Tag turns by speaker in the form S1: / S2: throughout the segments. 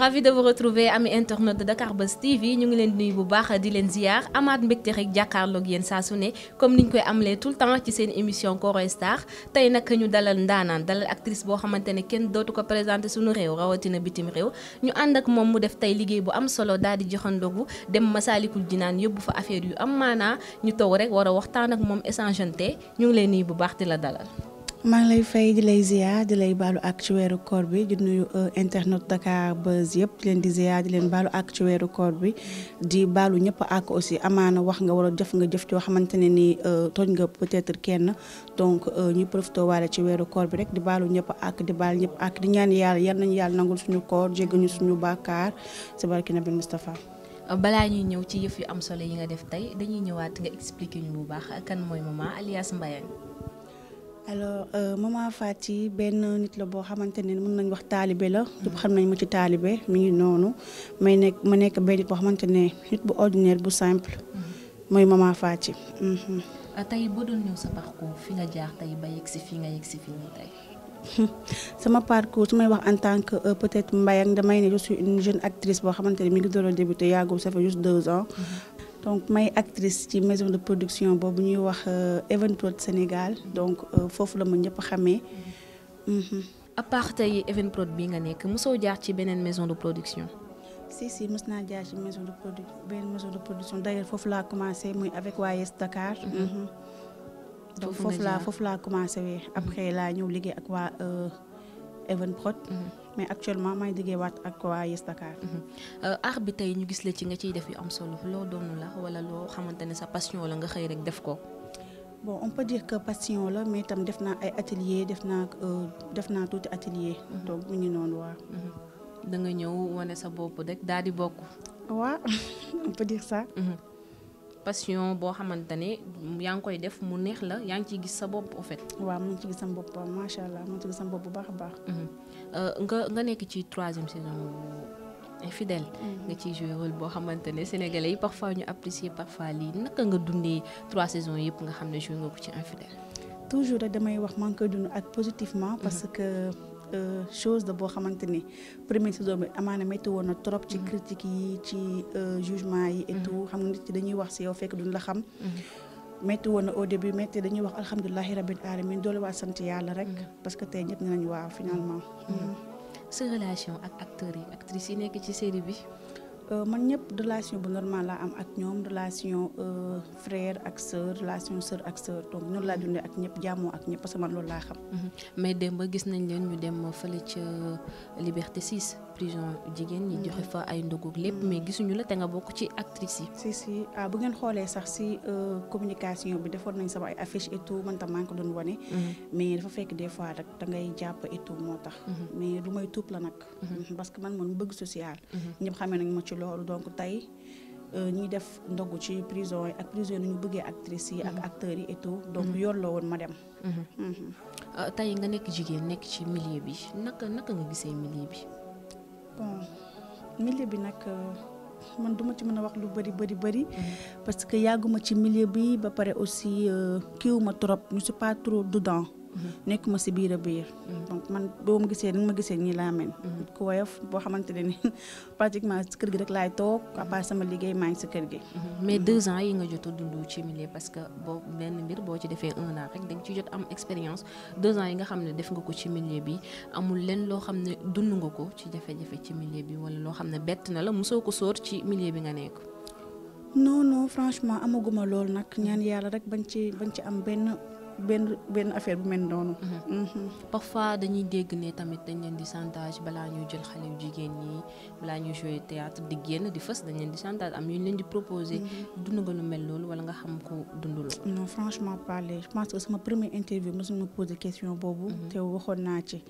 S1: ravi de vous retrouver ami internet de Dakar Buzz TV ñu ngi leen di bu baax di leen ziar amaat mbégte rek jàkkaarloog yéen saa su ne comme niñ koy amalee tout le temps ci seen émission Koroy Star tey nag ñu dalal ndaanaan dalal actrice boo xamante ne kenn dootu ko présenté suñu réew rawatina bitim réew ñu ànd ak moom mu def tey liggéey bu am solo daal di joxandogu dem Masaalikul Jinaan yóbbu fa affaire yu am maanaa ñu tow rek war a waxtaan ak moom échangeante ñu ngi leen nuyu bu baax di la dalal.
S2: maa ngi lay fay di lay ziar di lay baalu ak ci weeru koor bi di nuyu euh, internet Dakar Buzz yëpp leen di ziar di leen baalu ak ci weeru koor bi di baalu ñëpp ak aussi amaana wax nga wala jëf nga jëf yoo xamante ne ni euh, tooñ nga peut-être kenn donc euh, ñu profité waale ci weeru koor bi rek di baalu ñëpp ak di baal ñëpp ak di ñaan yàlla yal nañu yàlla nangul suñu koor jégguñu suñu bàkkaar ci barke Nabi Moustapha.
S1: balaa ñuy ñëw ci yëf yu am solo yi nga def tey dañuy ñëwaat nga expliquer ñu bu baax kan mooy maman alias Mbayang. alors euh, maman Faty
S2: benn nit la boo xamante ne mën nañ wax taalibe la ñëpp xam nañ mu ci taalibe mi ngi noonu may nekk ma nekk benn nit boo xamante ne bu ordinaire bu simple mhm. mooy maman Faty mhm.
S1: euh, tey boo doon ñëw sa fi nga jaar tey ba yegg si si fi nii tey
S2: sama parcours su may wax en tant que euh, peut-être Mbayang damay ne je suis jeune actrice boo xamante ne mi ngi door a débuté yàggul ça fait juste deux ans mhm. donc may actrice ci maison de production boobu ñuy wax euh, Evenprod Sénégal donc euh, foofu la ma ñëpp xamee.
S1: Mhm. à part tey Evenprod bi nga nekk mosoo jaar ci beneen maison de production.
S2: si si mës naa jaar ci maison de produ beneen maison de production d'ailleurs foofu laa commencé muy avec waa Yes Dakar. Mhm. Mhm. foofu laa foofu laa commencé après laa ñëw liggéey ak waa.
S1: Euh, Even Prod. mais actuellement may liggéey waat ak waa Yes Dakar. Euh, art bi tey ñu gis la ci nga ciy def yu am solo loo doonu la wala loo xamante ne sa passion la nga xëy rek def ko.
S2: boo on peut que passion la mais itam def naa ay atelier def naa euh,
S1: def naa tuuti atelier. Mhm. donc mu ngi noonu waa. Mhm. da nga ñëw wane sa bopp rek daal di bokk. waaw on peut dire passion boo xamante yaa ngi koy def mu neex la yaa ngi ciy gis sa bopp en fait. waaw mu ngi ci gis sama bopp macha allah mu ngi ci gis sama bopp bu baax baax. Mm-hmm. Euh, nga nekk ci troisième saison infidèle mm-hmm. nga ciy joué rôle boo xamante ne sénégalais yi parfois ñu apprécier parfois lii naka nga dundee trois saisons yëpp nga xam ne joué nga ko ci infidèle
S2: toujours rek damay wax maa koy dund ak positivement mm-hmm. parce que. Euh, chose la boo xamante ni première saison bi amaana métti woon na trop ci mm-hmm. critique yi ci euh, jugement yi et mm-hmm. tout xam nga nit ñi dañuy wax si yow fekk duñ la xam métti mm-hmm. woon na au début métti dañuy wax alhamdulilahi rabbil alamin doole waa sant yàlla rek parce que tey ñëpp ne nañ waaw finalement sa relation ak acteurs yi actrices yi nekk ci série bi Euh, man ñëpp relation bu normal laa am ak ñoom relation euh, frère ak seur
S1: relation sœur ak sœur donc noonu laa dundee ak ñëpp jàmmoo ak ñëpp parce que loolu laa xam. Mhm. mais ba gis nañ leen ñu dem fële ca Liberté 6. prison jigéen ñi mm. joxe fa ay ndogug lépp mm. mais gisuñu la te nga bokk ci actrice yi. si si ah bu ngeen xoolee sax si euh,
S2: communication bi defoon nañ sama ay affiche et tout man tam maa ngi ko doon wane. Mm-hmm. mais dafa fekk des fois rek da ngay jàpp et moo tax. Mm-hmm. mais lu may tuub la nag. Mm-hmm. parce que man moom bëgg social. ñëpp xamee nañ ma ci loolu donc tey. Euh, ñuy def ndogu ci prison yi ak prison yi ñu bëggee actrices yi ak acteurs yi et tout
S1: donc yoon woon ma dem euh, tey nga nekk jigéen nekk ci milieu bi naka naka nga gisee bi
S2: bon bi nag euh, man duma ci mën a wax lu bëri bëri bëri mhm. parce que yàgguma ci milieu bi ba pare aussi euh, kiiwuma trop je suis pas trop dedans nekkuma si biir a biir. donc man boo ma gisee ni ma gisee nii laa mel. ku woyof boo xamante ne nii pratiquement
S1: kër gi rek laay toog à part sama liggéey maa ngi si kër gi. mais deux ans yi nga jot a ci milieu parce que boo benn mbir boo ci defee un an rek da ci jot am expérience deux ans yi nga xam ne def nga ko ci millier bi amul lenn loo xam ne dund nga ko ci jafe-jafe ci milieu bi wala loo xam ne bett na la musoo ko sóor ci millier bi nga nekk.
S2: non franchement amaguma lool nag ñaan yàlla
S1: rek bañ ci bañ ci am benn. benn benn affaire bu mel noonu. Mhm. Mhm. parfois dañuy dégg ne tamit dañ leen di chantage balaa ñuy jël xale yu jigéen ñi balaa ñuy jouer théâtre di génn di fës dañ leen di chantage am ñu leen di proposer mhm. dund nga lu mel loolu wala nga xam ko dundu loolu.
S2: non franchement parler je pense que sama première interview mosuma posé question boobu. te waxoon naa ci.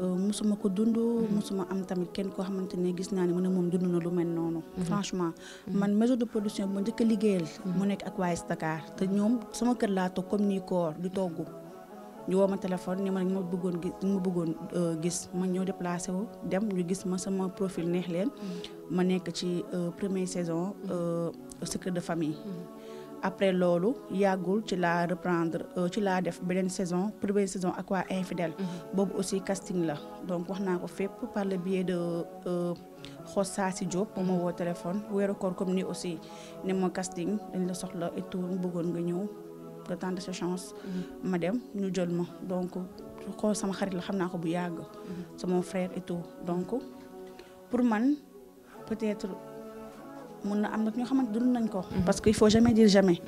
S2: Euh, musuma ko dund mosuma mm-hmm. am tamit kenn koo xamante ne gis naa ne mu ne moom dundu na lu mel noonu mm-hmm. franchement mm-hmm. man maison de production bu ma njëkk a liggéeyal mu nekk ak waaye Dakar te ñoom sama kër laa toog comme nii koor di togg ñu ma téléphone ni ma ma bëggoon gis ma bëggoon euh, gis ma ñëw déplacé wu dem ñu gis ma sama profil neex leen ma nekk ci euh, première saison secret de famille. Mm. après loolu yàggul ci laa reprendre euh, ci laa def beneen saison première saison Aqua Infidèle. Mm-hmm. boobu aussi casting la donc wax naa ko fépp par le biais de Xossa euh, si Diop. moo ma woo téléphone weeru koor comme ni aussi ne ma casting dañ la soxla etou tout bëggoon nga ñëw nga tenter sa chance. Mm-hmm. ma dem ñu jël ma donc xool xarit la xam naa ko bu yàgg. Mm-hmm. sama frère et donc pour man peut-être. mun na am nag ñoo xamante dund nañ ko. parce que il faut jamais dire jamais.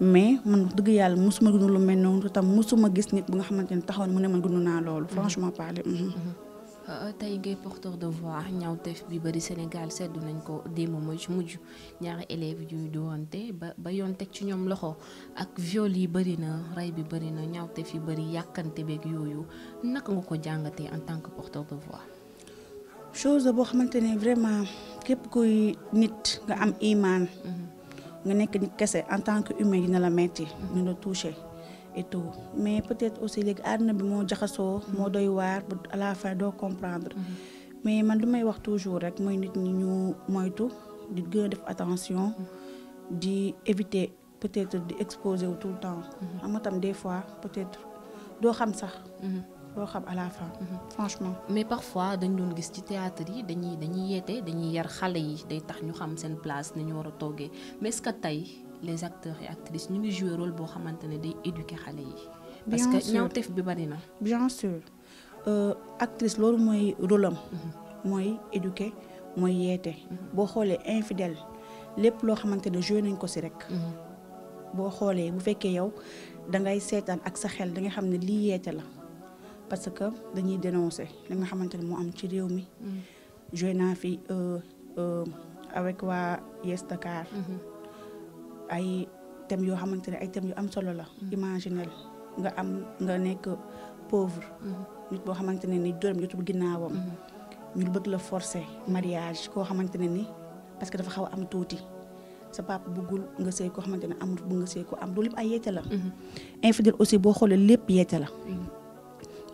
S2: mais man wax dëgg yàlla mosuma dund lu mel noonu tam mosuma gis nit bu nga xamante ne taxaw mu ne man dund naa loolu franchement parler. Mm-hmm.
S1: Euh, tey ngay porteur de voix ñawteef bi bari Sénégal sedd nañ ko démb mooy ci mujj ñaari élèves yuy doonte ba ba yoon teg ci ñoom loxo ak viol yi bari na rey bi bari na ñaawteef yi bari yàkkante beeg yooyu naka nga ko jàngatee en tant que porteur de
S2: chose boo xamante ne vraiment képp kuy nit nga am imaan. nga nekk nit kese en tant que yi na la metti ñu la touché et tout mais peut-être aussi léegi àdduna bi moo jaxasoo moo doy waar ba doo comprendre mais man lu may wax toujours rek mooy nit ñi ñu moytu di gën a def attention di éviter peut-être di exposer wu tout le temps xam mhm. nga tam des fois peut-être doo xam sax mhm. boo xam à la
S1: fin mhm. franchement. mais parfois dañu doon gis ci théâtre yi dañuy dañuy yeete dañuy yar xale yi day tax ñu xam seen place nañu war a toggee mais ce que tey les acteurs yi actrices ñu ngi joué rôle boo xamante ne day éduquer xale yi. parce que ñaawteef bi bari na.
S2: bien sûr euh, actrice loolu mooy rôle am. Mhm. mooy éduquer mooy yeete. Mhm. boo xoolee infidèle lépp loo xamante ne joué nañ ko si rek. boo xoolee bu fekkee yow da ngay seetaan ak sa xel da nga xam ne lii yeete la. parce que dañuy dénoncer li nga xamante ne moo am ci réew mi. Mm. joué naa fi euh, euh, avec waa Yes Dakar. Mm-hmm. ay thèmes yoo xamante ne ay thèmes yu am solo la. Mm-hmm. imaginel nga am nga nekk pauvre. Mm-hmm. nit boo xamante ne ni dërëm jotul ginnaawam. ñu bëgg la forcer mariage koo xamante ne ni parce que dafa xaw am tuuti. sa papa bëggul nga sëy koo xamante ne amul bu nga sëy ko am loolu yëpp ay yeete la. infidèle aussi boo xoolee lépp yeete la.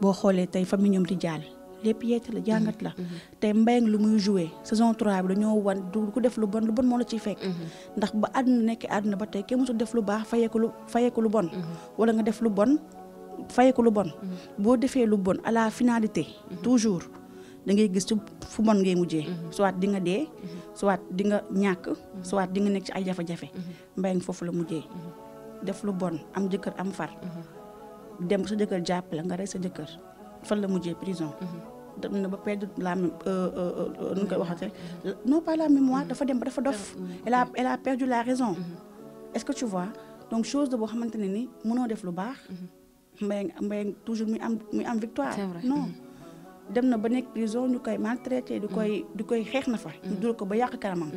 S2: boo xoolee tey famille ñoom di jàll lépp yeete la jàngat la mhm. Mhm. tey mbéyang lu muy joué saison 3 bi dañoo wan du ku def lu bon lu bon moo la ciy fekk mhm. ndax ba àdduna nekk àdduna ba tey kenn musul def lu baax fayeeku lu bon wala nga def lu bon fayeeku lu bon boo defee lu bon à la finalité toujours da ngay gis ci fu bon ngay mujjee soit di nga dee soit di nga ñàkk soit di nga nekk ci ay jafe-jafe mbéyang foofu la mujjee def lu bon am jëkkër am far dem sa jëkkër jàppale nga rey sa jëkkër fan la mujjee prison. Mhm. dem na ba perdre la euh, euh, euh, nu ñu koy waxatee non pas la mémoire dafa dem ba dafa dof. elle a elle perdu la raison. Mhm. est-ce que tu vois donc chose de boo xamante ne ni mënoo def lu baax. Mhm. mbay mbay toujours muy am muy am victoire. non dem na ba nekk prison ñu koy maltraité. di koy du xeex na fa. ñu dul ko ba yàq
S1: kanamam.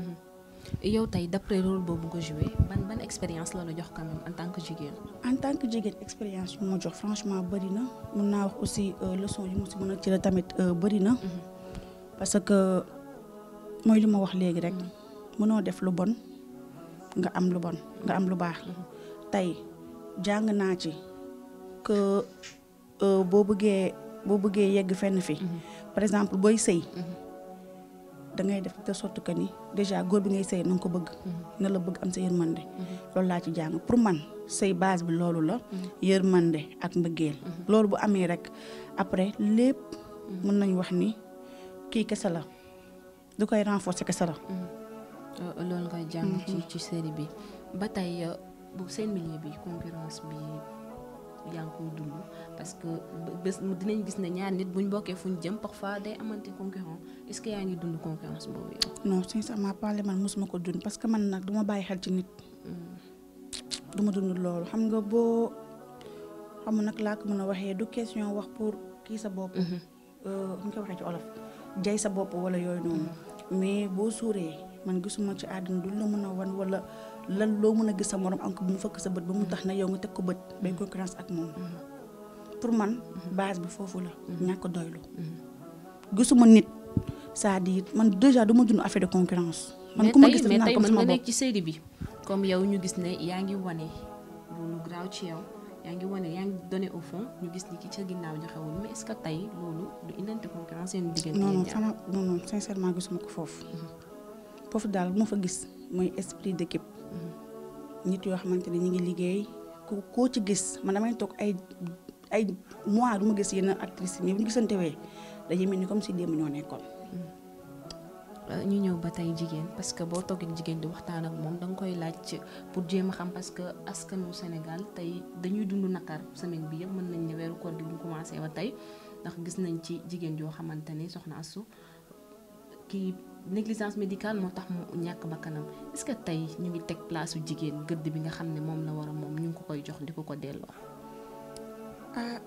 S1: yow tey d'après rôle boobu nga joué ban ban expérience la jox quand en tant que jigéen.
S2: en tant que jigéen expérience yu ma jox franchement bëri na mun naa wax aussi euh, leçon yu mu si mun a jëlee tamit euh, bëri na. Mhm. parce que mooy li ma wax léegi rek. Mhm. mënoo def lu bon nga am lu bon nga am lu baax. Mhm. tey jàng naa ci que euh, boo bëggee boo bëggee yegg fenn fi. par exemple booy sëy. da ngay def te sotti que ni déjà góor bi ngay sëy na nga ko bëgg. Mhm. na la bëgg am sa yërmande. Mhm. loolu laa ci jàng pour man sëy base bi loolu la. Mhm. yërmande ak mbëggeel. loolu bu amee rek après lépp. mën nañu wax ni kii kese la du koy renforcer kese la.
S1: Euh, loolu ngay jàng. ci ci série bi ba tey euh, bu seen milieu bi concurrence bi. yaa ngi koy dund parce que bés dinañ gis ne ñaar nit buñ bokkee fuñ jëm parfois day amante concurrence est-ce que yaa ngi dund concurrence boobu yow.
S2: non sincèrement parler man ko dund parce que man nag du ma bàyyi xel ci nit. Mm. du ma dund loolu xam nga boo xam nag laa ko mën a waxee du question wax pour kii sa bopp. Mm-hmm. Euh, ñu ko waxee ci olof jay sa bopp wala yooyu noonu mm-hmm. mais boo suuree. man gisuma ci àddina du la mën a wan wala lan loo mën a gis sa morom encore bu mu fëkk sa bët ba mu tax na yow nga teg ko bët mm-hmm. bay concurrence ak moom mm-hmm. pour man base bi foofu la mm-hmm. ñàkk doylu gisuma nit cest di man déjà du ma dund affaire de concurrence man ku ma gis mais tey mën nga nekk ci
S1: série bi comme yow ñu gis ne yaa ngi wane loolu ci yow yaa ngi wane yaa ngi donné ñu gis ni ki ca ginnaaw joxewul mais est-ce que tey loolu du indante concurrence seen diggante non sama
S2: non non sincèrement gisuma ko foofu foofu daal bu ma fa gis mooy esprit d'équipe nit yoo xamante ne ñu ngi liggéey ku koo ci gis man damay toog ay ay mois du ma gis yenn actrices yi bu ñu gisantewee dañuy mel ni comme si démb ñoo nekkoon.
S1: Euh, ñu ñëw ba tey jigéen parce que boo toogee jigéen di waxtaan ak moom da nga koy laaj pour jéem a xam parce que askanu Sénégal tey dañuy dund naqar semaine bi yëpp mën nañ ne weeru koor gi bu commencé ba tey ndax gis nañ ci jigéen joo xamante ne soxna Astou kii négligence médicale moo tax mu ñàkk bakkanam kanam ce que tey ñu ngi teg place su jigéen gëdd bi nga xam ne moom la war a moom ñu ngi ko koy jox di ko ko delloo.
S2: Ah,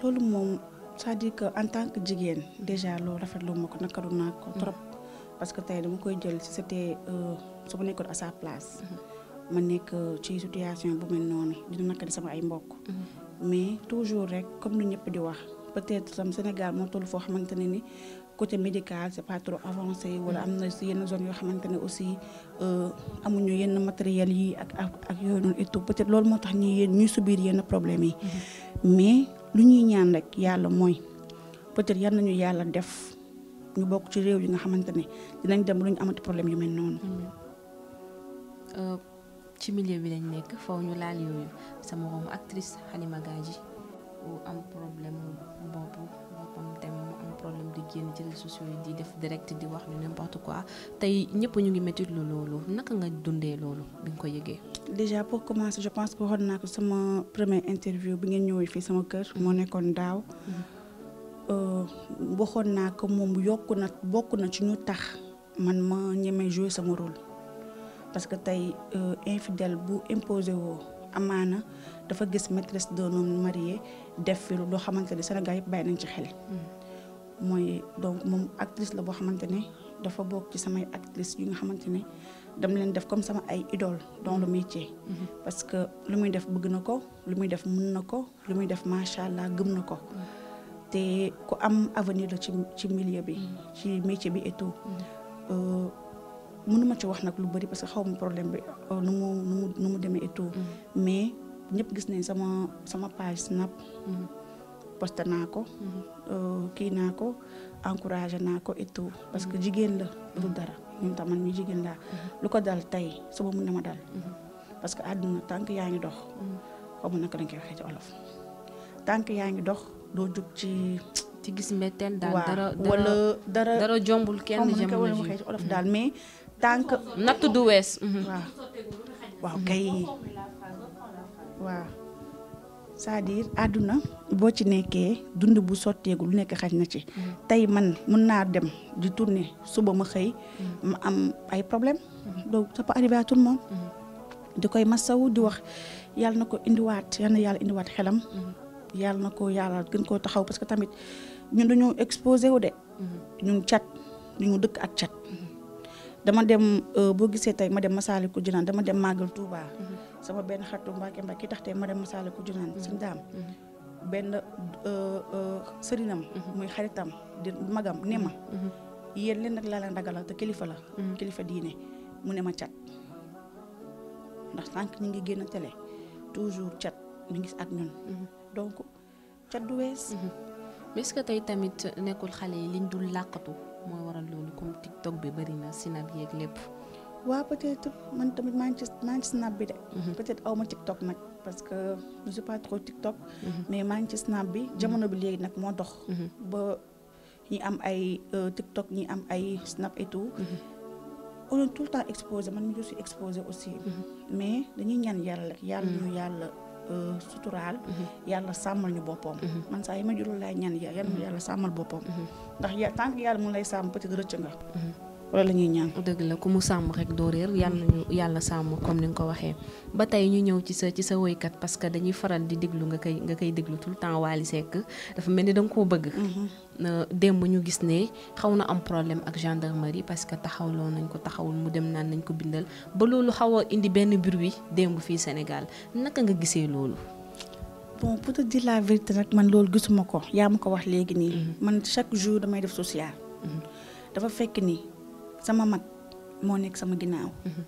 S2: loolu moom sa à dire que en tant que jigéen déjà loolu rafetlu ma ko nakaru naa ko trop. parce que tey dama koy jël si c'était euh, su ma nekkoon à sa place. Mm-hmm. ma nekk euh, ci situation bu mel noonu dina nakari sama ay mbokk. Mm-hmm. mais toujours rek comme ni ñëpp di wax peut-être sam Sénégal moo toll foo xamante ne ni. côté médical c'est pas trop avancé wala am na si yenn zone yoo xamante ne aussi euh, amuñu yenn matériel yi ak ak ak yooyu noonu et peut-être loolu moo tax ñuy ñuy subir yenn problème yi. Mm-hmm. mais lu ñuy ñaan rek yàlla mooy peut-être yal nañu yàlla def ñu bokk ci réew yi nga xamante ne dinañ dem lu ñu amati problème yu mel noonu.
S1: Mm-hmm. Euh, ci milieu bi lañ nekk foofu ñu laal yooyu sama morom actrice Halima Gadji am problème mu bopp boppam tamit problème di génn ci réseaux sociaux yi di def direct di wax lu n'importe quoi tey ñëpp ñu ngi métti lu loolu naka nga dundee loolu bi nga ko yëgee. déjà pour commencer je pense que waxoon naa ko
S2: sama première interview bi ngeen ñëwee fii sama kër moo nekkoon daaw. Mm-hmm. Euh, waxoon naa ko moom yokku na bokk na ci ñu tax man ma ñemee jouer sama role parce que tey euh, infidèle bu imposé woo amaana dafa gis maîtresse d'un homme marié def fi loo xamante ne Sénégal yëpp bàyyi nañ ci xel. Mm-hmm. mooy donc moom actrice la boo xamante ne dafa bokk ci samay actrice yu nga xamante ne dam leen def comme sama ay idole dans le métier. Mm-hmm. parce que lu muy def bëgg na ko lu muy def mën na ko lu muy def macha allah gëm na ko. Mm-hmm. te ku am avenir la ci ci milieu bi. Mm-hmm. ci métier bi et tout. Euh, mënuma ci wax nag lu bëri parce que xaw ma problème bi euh, nu mu nu mu nu mu demee et mais ñëpp gis nañ sama sama page snap. posté naa ko. Mm-hmm. Euh, kii naa ko encouragé naa ko et parce que jigéen la du mm-hmm. dara ñun tam mi jigéen laa. Mm-hmm. lu ko dal tey suba mun na ma dal. parce que àdduna tànk yaa ngi dox. xamu naka lañ koy waxee yaa ngi dox doo jug ci. gis
S1: mbetteel daal dara jombul kenn olof daal mais. tànk natt du wees. waaw kay
S2: waaw. saa diir dire àdduna boo ci nekkee dund bu sotteegu lu nekk xaj na ci. tey man mën naa dem di tourner suba ma xëy. ma am ay problème donc ça peut arriver à tout le di koy masawu di wax yàlla na ko indiwaat yàlla na yàlla indiwaat xelam. yal na ko yàlla gën koo taxaw parce que tamit ñun dañoo exposé wu de. ñu cat ñu dëkk ak cat. dama dem euh, boo gisee tey ma dem Masaalikul Jinaan dama dem Màggal Tuubaa. sama benn xaritu Mbàkke Mbàkke ki tax tey ma dem Masaalikul Jinaan suñu daam benn euh, euh, sëriñam mhm. muy xaritam di magam ne ma mhm. yéen leen nag laa leen ragalal te kilifa la mhm. kilifa diine mu ne ma cat ndax sànq ñu ngi génn télé toujours
S1: cat mu ngi ak ñun donc cat du wees mais est-ce que tey tamit nekkul xale yi liñ dul làqatu mooy waral loolu comme TikTok bi bari na sinab yeeg lépp
S2: waaw peut man tamit maa ngi ci maa snap bi de. Mhm. peut awma aw ma TikTok nag parce que je suis pas trop TikTok. Mhm. mais maa ngi ci snap bi mhm. jamono bi léegi nag moo dox. ba ñi am ay euh, TikTok ñi am ay snap et tout. on tout le temps exposé man mi je si exposé aussi. mais dañuy ñaan yàlla rek yàlla ñu yàlla. Euh, suturaal yàlla sàmmal ñu boppam man saa yi ma jurul laay ñaan yàlla yàlla sàmmal boppam ndax tant que yàlla mu lay sàmm peut-être rëcc nga
S1: wala la ñuy ñaan. dëgg la ku mu rek doo réer yàlla ñu yàlla sàmm comme ni nga ko waxee ba tey ñu ñëw ci sa ci sa woykat parce que dañuy faral di déglu nga koy nga koy déglu tout temps Wally Seck dafa mel ni danga nga koo bëgg. Mm-hmm. Euh, démb ñu gis ne xaw na am problème ak gendarmerie parce que taxawloo nañ ko taxawul mu dem naan nañ ko bindal ba loolu xaw a indi benn bruit démb fii Sénégal naka nga gisee loolu.
S2: bon pour te dire la vérité nag man loolu gisuma ko yaa ma ko wax léegi nii. Mm-hmm. man chaque jour damay def social. Mm-hmm. dafa fekk ni sama mag moo nekk sama ginnaaw mhm.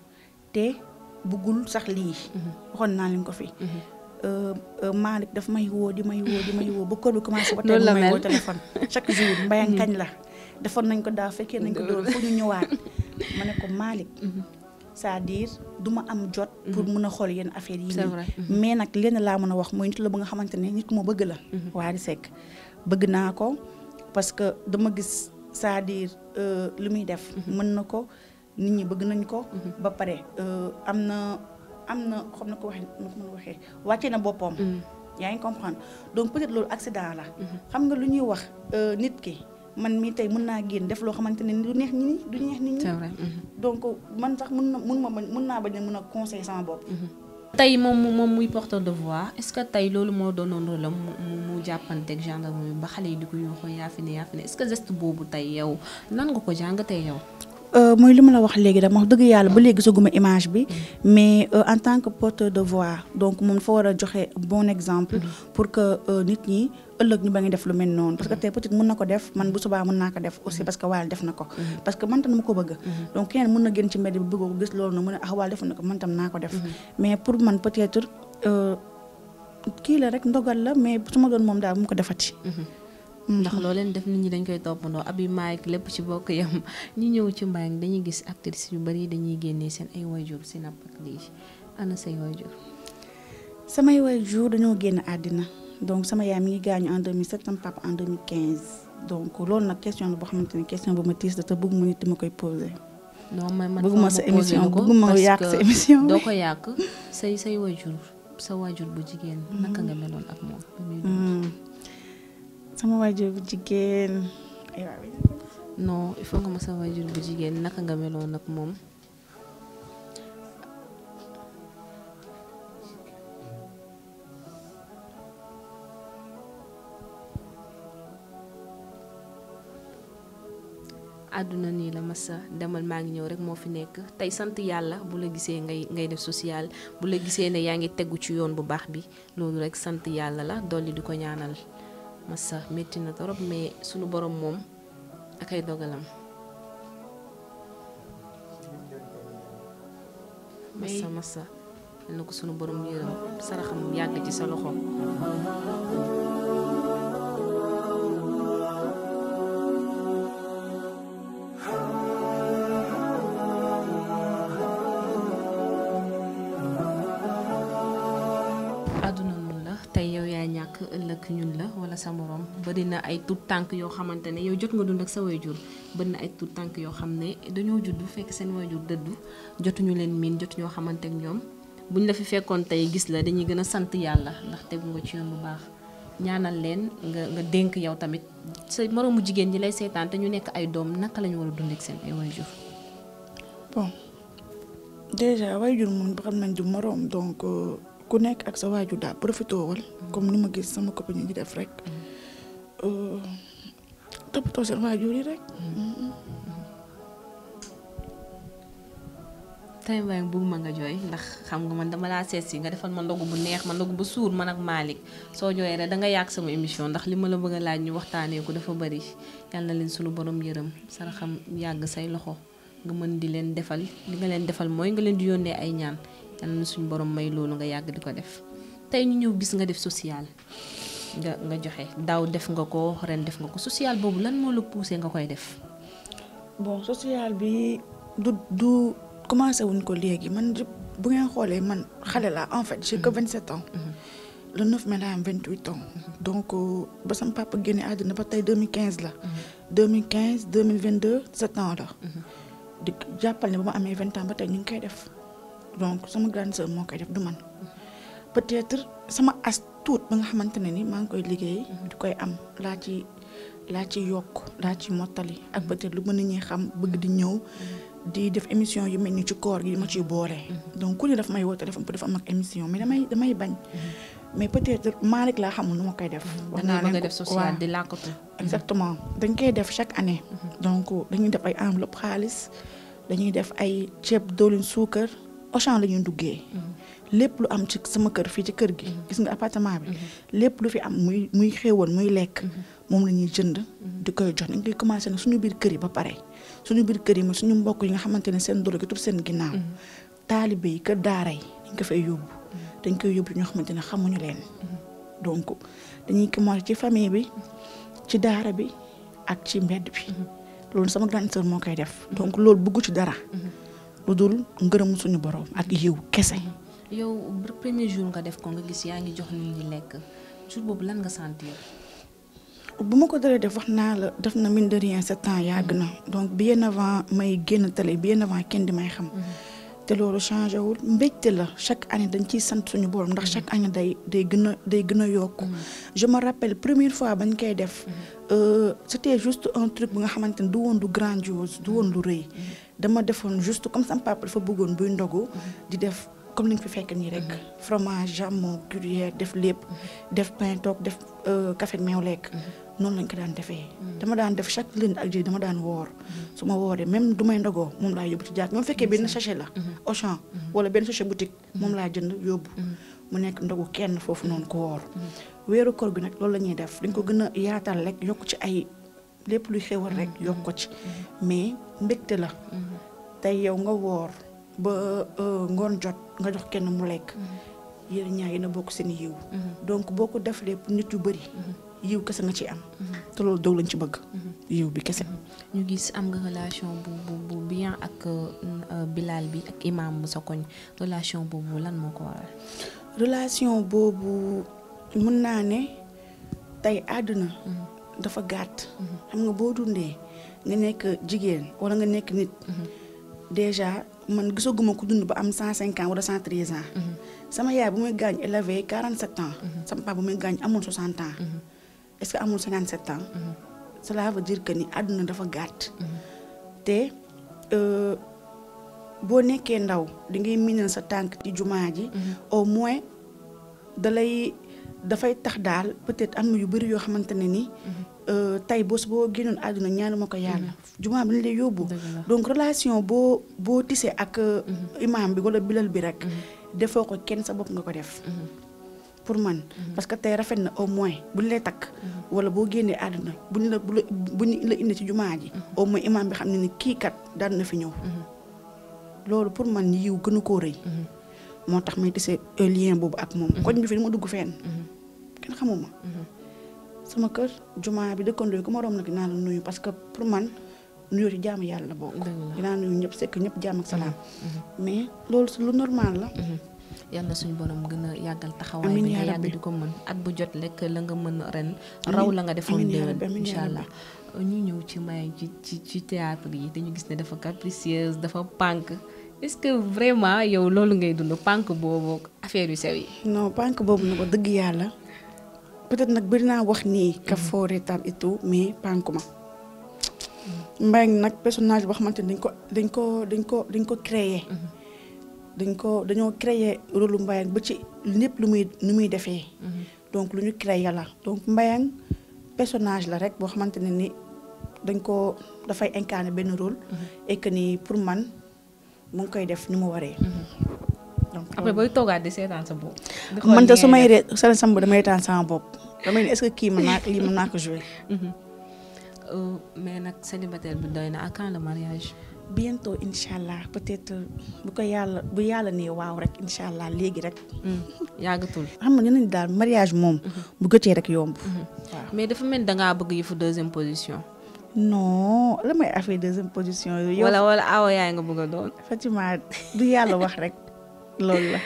S2: te buggul sax lii mhm. waxoon naa leen ko fi mhm. euh, euh, Malick daf may woo di may woo di may woo ba kër bi commencé ba tey may woo téléphone chaque jour mbayang la defoon nañ ko daa fekkee nañ ko doon fu ñu ñëwaat ma ne ko Malick c'est-à-dire du ma am jot pour mën a xool yenn affaire yi mais nag lenn laa mën a wax mooy nit la ba nga xamante ne nit moo bëgg la Wally Seck bëgg naa ko parce dama gis cest diir dire euh, lu muy def. Mhm. mën na ko nit ñi bëgg nañ ko. Mhm. ba pare euh, am na am na xam na ko waxee nu ko mën a waxee wàcce na boppam. Mhm. yaa ngi comprendre donc peut-être loolu accident la. xam nga lu ñuy wax euh, nit ki man mii tey mën naa génn def loo xamante ne du neex nit ñi du neex nit ñi. donc man sax mun na mun ma bañ mën naa bañ a mën a conseiller sama bopp.
S1: tey moom moom muy porteur de voix est-ce que tey loolu moo doonoon rôle am mu mu jàppanteeg gendarmerie ba xale yi di ko yuuxoo yaa fi est-ce que geste boobu tey yow nan nga ko jàngatee yow.
S2: Euh, mooy li ma la wax léegi dama wax dëgg yàlla ba léegi gisaguma image bi mm. mais euh, en tant que porteur de voix donc mun foo war a joxe bon exemple mm. pour que euh, nit ñi. ëllëg ñu ba ngi def lu mel noonu parce que mm-hmm. tey peut-être na ko def man bu subaa mën naa ko def aussi mm-hmm. parce que waal def na ko mm-hmm. parce que man tam ma ko bëgg donc keneen mën na génn ci mbedd bi bëgg ko gis loolu na mu ne ah waal def na ko man tam naa ko def mais pour man peut euh, kii la rek ndogal la mais su ma doon moom daal bu mu ko defati
S1: ndax loo leen def nit ñi dañ koy toppandoo abi maayek lépp ci bokk yam ñi ñëw ci mbaay dañu gis actrices yu bari dañuy génnee seen ay si napp ak lii ana say waajur samay
S2: waajur dañoo génn donc sama yaay mi ngi gaañu en 2007 sama papa en 2015 donc loolu nag question la boo xamante ni question bu ma tiis la te bëgg ma nit ma koy poser. non mais man bëgguma sa émission bëgguma yàq sa émission. doo ko yàq
S1: say say wajur sa wajur mm-hmm. mm-hmm. bu jigéen. naka nga meloon ak moom. bu jigéen. non il faut que ma sa wajur bu jigéen naka nga meloon ak moom. àdduna nii la masa demal maa ngi ñëw rek moo fi nekk tey sant yàlla bu la gisee ngay ngay def social bu la gisee ne yaa ngi tegu ci yoon bu baax bi loolu rek sant yàlla la dolli di ko ñaanal massa metti na torop mais sunu boroom moom ak ay dogalam. masa masa na ko sunu borom yërëm saraxam yàgg ci sa loxo. ëllëg ñun la wala sa morom bari ay tuut tànk yoo xamante ne yow jot nga dund ak sa wayjur bari na ay tuut tànk yoo xam ne dañoo judd fekk seen wayjur dëddu jotuñu leen miin jotuñoo xamante ak ñoom buñ la fi fekkoon tey gis la dañuy gën a sant yàlla ndax tegu nga ci yoon bu baax ñaanal leen nga nga dénk yow tamit sa moroomu jigéen ñi lay seetaan te ñu nekk ay doom naka lañu war a dund ak seen ay wayjur. bon
S2: déjà wayjur xam nañ du moroom donc. Euh, ku nekk ak sa waajur daal profité comme ni ma gis sama copine yi di def rek euh, toppatoo seen waajur yi rek.
S1: tey waaye bëgguma nga jooy ndax xam nga man dama laa seet si nga defal ma ndogu bu neex ma ndogu bu suur man ak Malick soo jooyee rek danga nga yàgg sama émission ndax li ma la bëgg a laaj ñu waxtaanee ko dafa bari yal na leen sunu borom yërëm saraxam yàgg say loxo nga mën di leen defal li nga leen defal mooy nga leen di yónnee ay ñaan. yal na suñu borom may loolu nga yàgg di ko def tey ñu ñëw gis nga def social nga nga joxe daaw def nga ko ren def nga ko social boobu lan moo la poussé nga koy def.
S2: bon social bi du du commencé wuñ ko léegi man bu ngeen xoolee man xale laa en fait j'ai que 27 mhm. ans. Mhm. le 9 mai laa am 28 ans. Mhm. donc euh, ba sama papa génne àddina ba tey 2015 la. 2015 2022 7 ans la. di jàppal ne ba ma amee 20 ans ba tey ñu ngi koy def. donc sama grande sœur moo koy def du man peut-être sama as tuut ba nga xamante ne ni maa ngi koy liggéey mhm. du koy am laa ci laa ci yokk laa ci mottali ak peut-être lu mën a ñuy xam bëgg di ñëw mhm. di def émission yu mel ni ci koor yi ma ciy boole. Mhm. donc ku daf may woo téléphone pour dafa am émission mais damay damay bañ. mais peut-être maa rek laa xamul nu ma koy def. wax naa leen def social di làkkatu exactement dañ koy def chaque année. donc dañuy def ay enveloppe xaalis dañuy def ay ceeb doolin suukar Auchan la ñuy duggee. lépp lu am ci sama kër fii ci kër gi. Mm-hmm. gis nga appartement bi. Mm-hmm. lépp lu fi am muy muy xéwoon muy lekk. Mm-hmm. moom la ñuy jënd. di koy jox dañ koy commencé nag suñu biir kër yi ba pare suñu biir kër yi mooy suñu mbokk yi nga xamante ne seen doole gi tur seen ginnaaw. taalibe yi kër daara yi dañ ko fay yóbbu. dañ koy yóbbu ñoo xamante ne xamuñu leen. donc dañuy commencé ci famille bi ci daara bi ak ci mbedd bi. loolu sama grande sœur moo koy def. donc loolu bëggu ci dara. lu dul ngërëm suñu borom ak yiw kese.
S1: yow premier jour nga def ko nga gis yaa ngi jox nit ñi lekk jour boobu lan nga sentir.
S2: bu ma ko daree def wax naa la def na mine de rien sept ans yàgg na mm-hmm. donc bien avant may génn télé bien avant kenn di may xam. Mm-hmm. te loolu changé wul mbégte la chaque année dañ ciy sant suñu borom ndax mm-hmm. chaque année day day gën a day gën a yokk. je me rappelle première fois bañ koy def. Euh, c'était juste un truc bu nga xamante ne du woon du grandiose du woon du rëy dama defoon juste comme sama papa dafa bëggoon buy ndogu di def comme ni ñu fi fekkee nii rek fromage jambon gruyère def lépp def pain toog def euh, café meew lekk noonu lañ ko daan defee dama daan def chaque lundi ak jeudi dama daan woor su ma wooree même du may ndogoo moom laa yóbbu ci jaat même fekkee benn sachet la Auchan wala benn sachet boutique moom laa jënd yóbbu mu nekk ndogu kenn foofu noonu ko woor weeru koor bi nag loolu la ñuy def dañ ko gën a yaatal rek yokk ci ay lépp luy xewal rek mm-hmm. yokk ci mm-hmm. mais mbégte la mm-hmm. tey yow nga woor ba euh, ngoon jot nga jox kenn mu lekk yéen ñaar yéen a bokk seen yiw
S1: donc boo ko defalee nit yu bëri yiw kese nga ci am te loolu dog lañ ci bëgg yiw bi kese ñu gis am nga relation bu bien ak euh, euh, Bilal bi ak imam bu sa koñ relation boobu lan moo ko waral relation boobu mun naa ne tey àdduna dafa gàtt
S2: xam nga boo dundee nga nekk jigéen wala nga nekk nit déjà man gisaguma ku dund ba am cent cinq ans wala cent sama yaay bu muy gaañ élevé quarante sept ans sama papa bu muy gaañ amul soixante ans est que amul cinquante sept ans cela veut dire que ni àdduna dafa gàtt te euh, boo nekkee ndaw di ngay miinal sa tànk ci jumaa ji au moins dalay dafay tax daal peut-être am na yu bëri yoo xamante ne ni. Mhm. Euh, tey bés boo génnoon àdduna ma ko yàlla. Mhm. jumaa bi ni lay yóbbu. donc relation boo boo tisee ak. Euh, mhm. imaam bi wala bilal bi rek. defoo ko kenn sa bopp nga ko def. pour man parce que tey rafet na au moins buñ lay takk. wala boo génnee àdduna buñ la buñ la indi ci jumaa ji. au moins imaam bi xam ne ni kii kat daan na fi ñëw. loolu pour man yiw gënu koo rëy. moo tax may tise lien boobu ak moom. Mhm. koñ bi fi du ma dugg fenn. Mhm. kenn xamuma. Mhm. sama kër jumaa bi dëkkandoo yi ku ma romb nag dinaa la nuyu parce que pour man nuyu ci jaamu yàlla la bokk. dinaa nuyu ñëpp sekk ñëpp jaam ak salaam.
S1: loolu si normal la. yàlla suñu borom gën a yàggal taxawaay bi nga yàgg di ko mën at bu jot lekk la nga mën ren raw la nga defoon déwén incha allah ñu ñëw ci may ci ci ci théâtre yi dañu gis ne dafa capricieuse dafa pànk est-ce que vraiment yow loolu ngay dund pànk boobu affaire yu sew yi. non pànk boobu na
S2: ko dëgg yàlla peut-être nag bëri naa wax nii. ka mm-hmm. foo reetaan et mais pànk ma. Mbaye nag personnage boo xamante ni dañ ko dañ ko dañ ko dañ ko créer. Mm-hmm. dañ ko dañoo créer rôle Mbaye ba ci lépp lu muy lu muy defee. Mm-hmm. donc lu ñu créer la la rek boo ne ni dañ ko dafay incarner benn rôle. et que pour man. mu ngi koy def ni mu waree. Mhm. donc après booy
S1: toogaat di seetaan sa bopp. man de su may ree
S2: seen samb damay taan sama bopp damay ne est-ce kii mën naa lii mën naa mhm.
S1: euh, mais nag célibataire bi doy na à quand le mariage. bientôt incha allah peut-être bu ko yàlla bu yàlla nee waaw rek incha allah léegi rek. Mhm. yàggatul.
S2: xam nga ñeneen daal mariage moom. bu gëtee rek yomb.
S1: waaw mais dafa mel da ngaa bëgg yëfu deuxième position.
S2: non
S1: la may affaire deuxième position yooyu. wala wala awa ah, yaay nga bëgg a doon. Fatima du yàlla wax rek loolu la.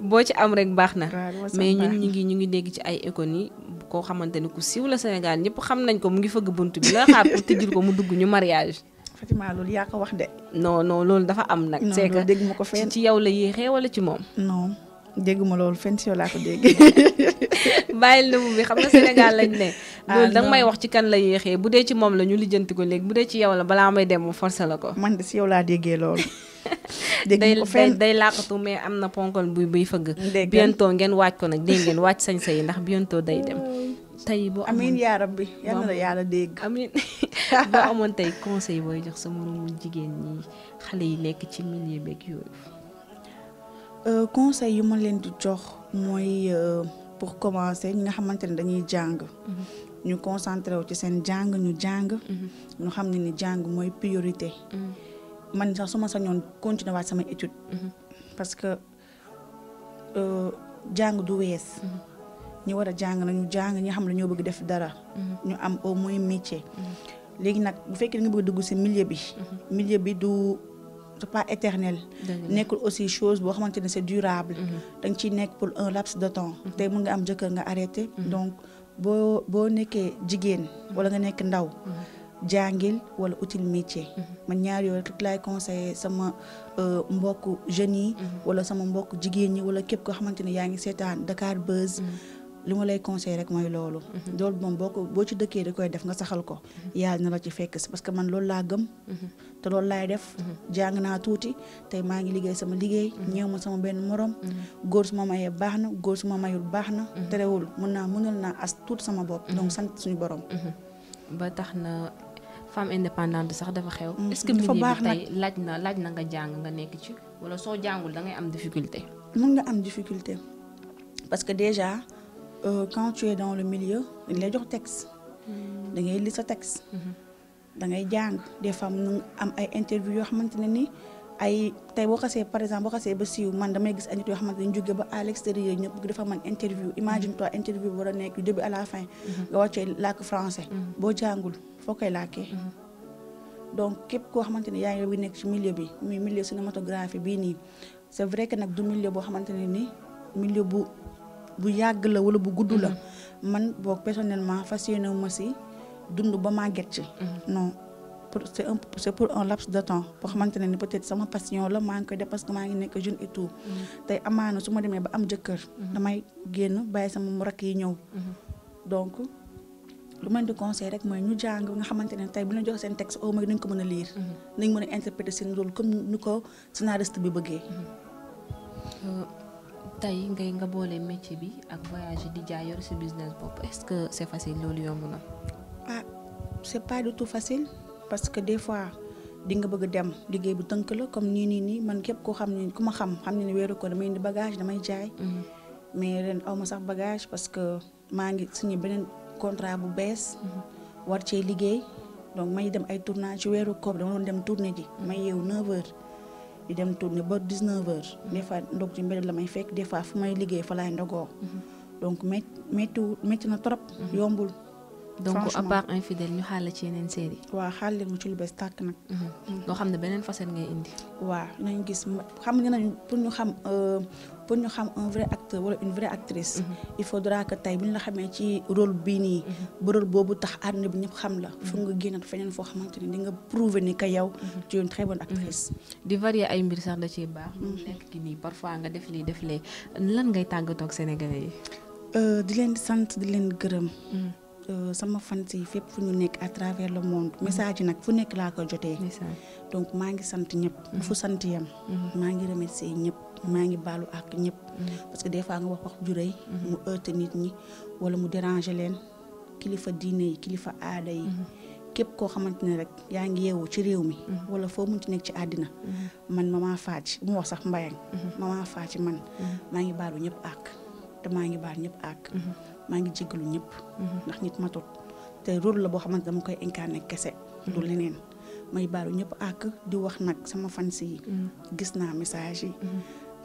S1: boo ci am rek baax na. mais ñun ñu ngi ñu ngi dégg ci ay économie koo xamante ni ku siiw la Sénégal ñëpp xam nañ ko mu ngi fëgg bunt bi la xaar mu dugg ñu mariage. Fatima loolu yaa ko wax de. non non loolu dafa am nag. c'est que dégg ma ko fenn ci yow la yéexee wala ci moom. non dégg ma loolu fenn si yow laa ko dégg. bàyyil na bi xam nga Sénégal lañ ne. loolu ah, danga may wax ci kan la yéexee bu dee ci moom la ñu lijjanti ko léegi bu dee ci yow la balaa may dem mu forcé la ko. man de si yow laa déggee loolu. day day làqatu mais am na ponkal buy buy fëgg. bientôt ngeen waaj ko nag ngeen waaj sañ say ndax bientôt day dem. tey boo amoon amiin yaa rabbi yal na la conseil booy jox sa moromu jigéen ñi xale yi nekk ci milieu beeg yooyu.
S2: Euh, conseil yu ma leen di jox mooy euh, pour commencer ñi nga xamante ne dañuy jàng. Mm-hmm. ñu concentré wu ci seen jàng ñu jàng. Mm-hmm. ñu xam ne ni jàng mooy priorité. Mm-hmm. man sax su ma sañoon continuer waat sama étude. Mm-hmm. parce que euh, jàng du wees. ñi war a jàng na ñu jàng ñi xam ne ñoo bëgg def dara. ñu am au moins métier. léegi nag bu fekkee nga bëgg dugg si milieu bi. milieu bi du c'est pas éternel. nekkul aussi chose boo xamante ne c'est durable. da ci ciy nekk pour un laps de temps. tey mën nga am jëkkër nga arrêté boo boo nekkee jigéen walla nga nekk ndaw jàngil wala util métier man ñaar yooyu rek laay conseillé sama euh, mbokk jeunes yi mm-hmm. wala sama mbokk jigéen ñi wala képp koo xamante ne yaa ngi seetaan Dakar Buzz mm-hmm. li ma lay conseil rek mooy loolu. Mhm. loolu moom boo ko boo ci dëkkee da koy def nga saxal ko. Mhm. yàlla na la ci fekk si parce que man loolu laa gëm. Mhm. te loolu laay def. jàng naa tuuti tey maa ngi liggéey sama liggéey. ñëw ma sama benn moroom góor su ma mayee baax na góor su ma mayul baax na. terewul mën naa mënal naa as tuuti sama bopp. donc sant suñu borom. ba tax na
S1: femme indépendante sax dafa xew. est baax que laaj na laaj na nga jàng nga nekk ci wala soo jàngul da ngay am difficulté.
S2: mën Euh, quand tu es dans le milieu dañ lay jox texte. Hmm. da ngay sa texte. Hmm. da jàng des fois mu am ay interview yoo xamante ne ni ay tey boo xasee par exemple boo xasee ba siiw man damay gis ay nit yoo xamante ne ñu jóge ba à l'extérieur ñëpp bëgg dafa man interview imagine hmm. toi interview war a nekk du début à la fin. nga wàccee làkk français. boo jàngul foo koy làkkee. donc képp koo xamante ne yaa ngi nekk ci milieu bi muy milieu cinématographie bii nii c'est vrai bu yàgg la wala bu gudd la mm-hmm. man boog personnellement fas yéene ma si dund ba màgget ci mm-hmm. non pour c' est pour un laps de temps boo xamante ne ni peut être sama passion la maa ngi koy def parce que maa ngi nekk jeune et tout mm-hmm. tey amaana su ma demee ba am jëkkër damay génn bàyyi sama mu rakk yi ñëw donc lu ma leen di conseil rek mooy ñu jàng nga xamante ne tey bu ñu jox seen texte au moins nañ ko mën a lire nañ mën a interpréter seen rôle comme ni ko scénariste
S1: bi bëggee tey ngay nga boolee métier bi ak voyager di jaay yor si business bopp est-ce que c'est facile loolu yomb na. ah c'est pas du tout facile
S2: parce que des fois di nga bëgg dem liggéey bu tënk la comme nii nii nii man képp koo xam ne ku ma xam xam ne ni weeru ko damay indi bagage damay jaay. Mm-hmm. mais ren awma sax bagage parce que maa ngi suñu beneen contrat bu bees. Mm-hmm. war cee liggéey donc may dem ay tournage ci weeru koor dama dem tourne ji. Mm-hmm. may yeewu 9 di dem tourner ba 19 heures des fois ndog ci mbedd la may fekk des fois fu may liggéey fa laay ndogoo mhm. donc métti métti na trop mhm. yombul
S1: donc à part infidèle
S2: ñu xaala ci yeneen série waaw xaal leen mu ci lu bees tàkk nag loo mhm. xam ne beneen facette ngay indi waaw nañ gis xam ne nañ pour ñu xam euh, pour ñu xam un vrai acteur wala une vraie actrice. Mhm. il faudra que tey bu ñu la xamee ci rôle bii nii. Mhm. ba rôle boobu tax àdduna bi ñëpp xam la. Mhm. fu nga
S1: génnaat feneen foo xamante ni di nga prouver ni que yow. tu es une très bonne actrice. di varier ay mbir sax da ciy baax. nekk ki nii parfois nga def lii def lee lan ngay tàggatoo ak sénégalais yi.
S2: Euh, di leen sant di leen gërëm. Euh, sama fans yi fépp fu ñu nekk à travers le monde mm-hmm. message yi nag fu nekk laa ko jotee donc maa ngi sant ñëpp mm-hmm. fu sant yam mm-hmm. maa ngi remercier ñëpp maa ngi baalu ak ñëpp parce que des fois nga wax wax ju rëy mu heurte nit ñi wala mu déranger leen kilifa diine yi kilifa aada yi képp koo xamante ne rek yaa ngi yeewu ci réew mi wala foo munti nekk ci àddina man mama faaj mu wax sax mbayang mama faaj man maa ngi baalu ñëpp ak te maa ngi baal ñëpp àkk maa ngi jéggalu ñëpp. Mhm. ndax nit matut te rôle la boo xamante dama koy incarné kese. Mhm. du leneen may baalu ñëpp àkk di wax nag sama fans yi. Mhm. gis naa message yi.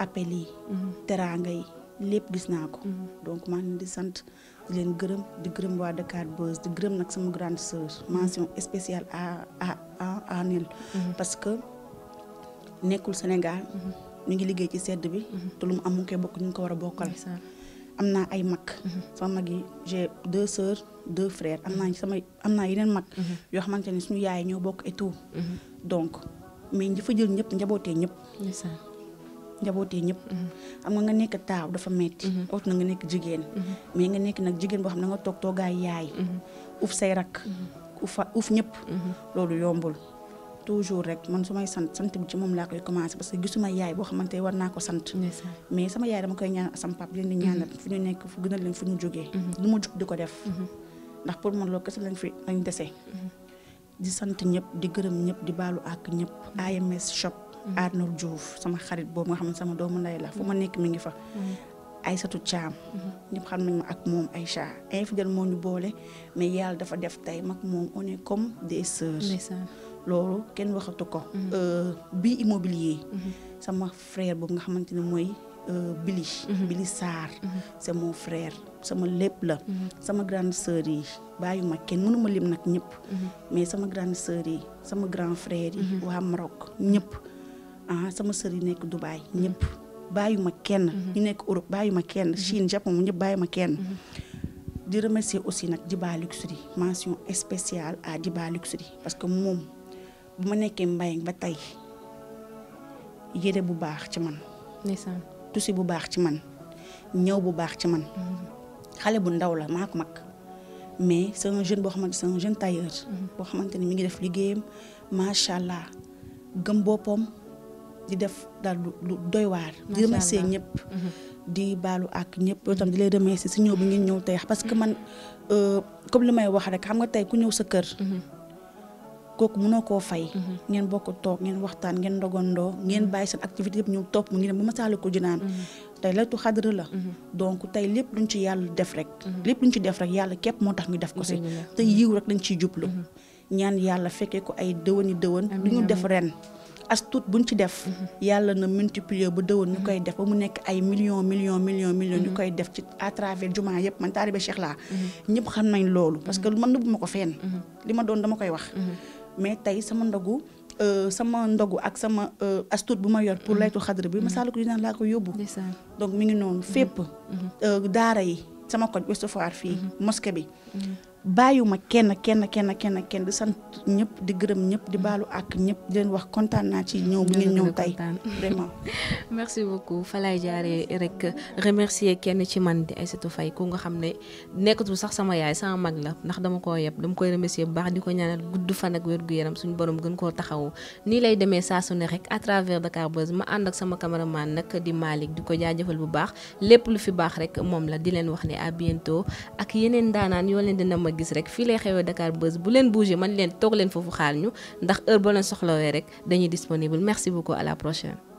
S2: appel yi. teraanga yi lépp gis naa ko. donc maa ngi di sant di leen gërëm di gërëm waa Dakar Buzz di gërëm nag sama grande sœur. mention spéciale à parce que nekkul Sénégal. mu ngi liggéey ci sedd bi. te lu am mu ngi koy bokk ñu ngi ko war a bokkal. am naa ay mag sama mag yi j'ai deux sœurs deux frères am naa sama am na yeneen mag yoo xamante ni suñu yaay ñoo bokk et tout donc mais fa jël ñëpp njabootee ñëpp njabootee ñëpp xam nga nga nekk taaw dafa metti mhm. oot na nga nekk jigéen mhm. mais nga nekk nag jigéen boo xam ne nga toog toogaay yaay mhm. uf say rak uf ñëpp loolu yombul toujours rek man su may sant sant bi ci moom laa koy commencé parce que gisuma yaay boo xamante war naa ko sant mais sama yaay dama koy ñaanal sama pap leen di ñaanal mhm. fu ñu nekk fu gënal leen fu ñu mhm. ko def mhm. ndax pour man loolu kese lañ fi lañ dese di sant ñëpp di gërëm ñëpp di baalu àkk ñëpp AMS shop Arnold Diouf sama xarit boobu nga xam ne sama doomu ndey la fu ma nekk mi ngi fa ay Aysatu Caam ñëpp xam nañ ma ak moom ay Aïcha infidèle moo ñu boole mais yàlla dafa def tey mag moom on est comme des sœurs loolu kenn waxatu ko. Mm-hmm. Euh, bi immobilier. Mm-hmm. sama frère boobu nga xamante ne mooy euh, Billy. Mm-hmm. Billy Sarr. c'est mon frère sama lépp la. sama grande sœur yi bàyyuma kenn mënuma lim nag ñëpp. mais sama grande sœur yi sama grand frère yi. waa Maroc ñëpp ah sama sœur yi nekk Dubaï ñëpp bàyyuma kenn. ñu nekk Europe bàyyuma kenn Chine Japon ñëpp bàyyuma kenn. di remercier aussi nag Diba Luxury mention spéciale à Diba Luxury parce que moom. bu ma nekkee mbayang ba tey yére bu baax ci man. ndeysaan tusi bu baax ci man ñëw bu baax ci man. Mhm. xale bu ndaw la maa ko mag mais c'est un jeune boo xamante c'est un jeune mhm. boo xamante ni mu ngi def liggéeyam macha allah gëm boppam di def daal du doy waar. di remercier ñëpp. Mhm. di baalu ak ñëpp yow tam di lay remercier si ñëw bu ngeen ñëw tey parce que man euh, comme li may wax rek xam nga tey ku ñëw sa kër. kooku mënoo koo fay. Mhm. ngeen bokk toog ngeen waxtaan ngeen ndogandoo ngeen mhm. bàyyi seen activité yëpp ñu topp mu ngi dem ba mhm. la donc tey moo tax ñu def ko si te yiw rek dañ ciy jublu ñaan ko ay dëwëni dëwën lu ñu def ren as ci def yàlla na multiplier ba dëwën ñu koy def ba mu nekk ay million million million million ñu koy def ci à travers jumaa yëpp man taalibe Cheikh laa ñëpp xam nañ ma ko fenn li ma doon dama koy wax mais tey sama ndogu euh, sama ndogu ak sama euh, astut bu ma yor pour mm. laytu xadra bi masaalu mm. ko dinaan laa ko yóbbu donc mu ngi noonu fépp mm-hmm. Mm-hmm. Euh, daara yi sama koñ Ouest fii mm-hmm. mosquée bi ma kenn kenn kenn kenn kenn di sant ñëpp di gërëm ñëpp di baalu ak ñëpp di leen wax kontaan naa ci ñëw bi ñoo ñëw tey vraiment.
S1: merci beaucoup fa lay jaaree rek remercier kenn ci man di Aïssatou fay ku nga xam ne nekkatul sax sama yaay sama mag la ndax dama koo yeb dama koy remercier bu baax di ko ñaanal gudd fan ak wér gu yaram suñu borom gën koo taxawu. nii lay demee saa su ne rek à travers Dakar Buzz ma ànd ak sama cameraman nag di Malick di ko jaajëfal bu baax lépp lu fi baax rek moom la di leen wax ne ak yeneen ma gis rek fii lay xewee Dakar Buzz bu leen bougé man leen toog leen foofu xaar ñu ndax heure boo leen soxlawee rek dañuy disponible merci beaucoup à la prochaine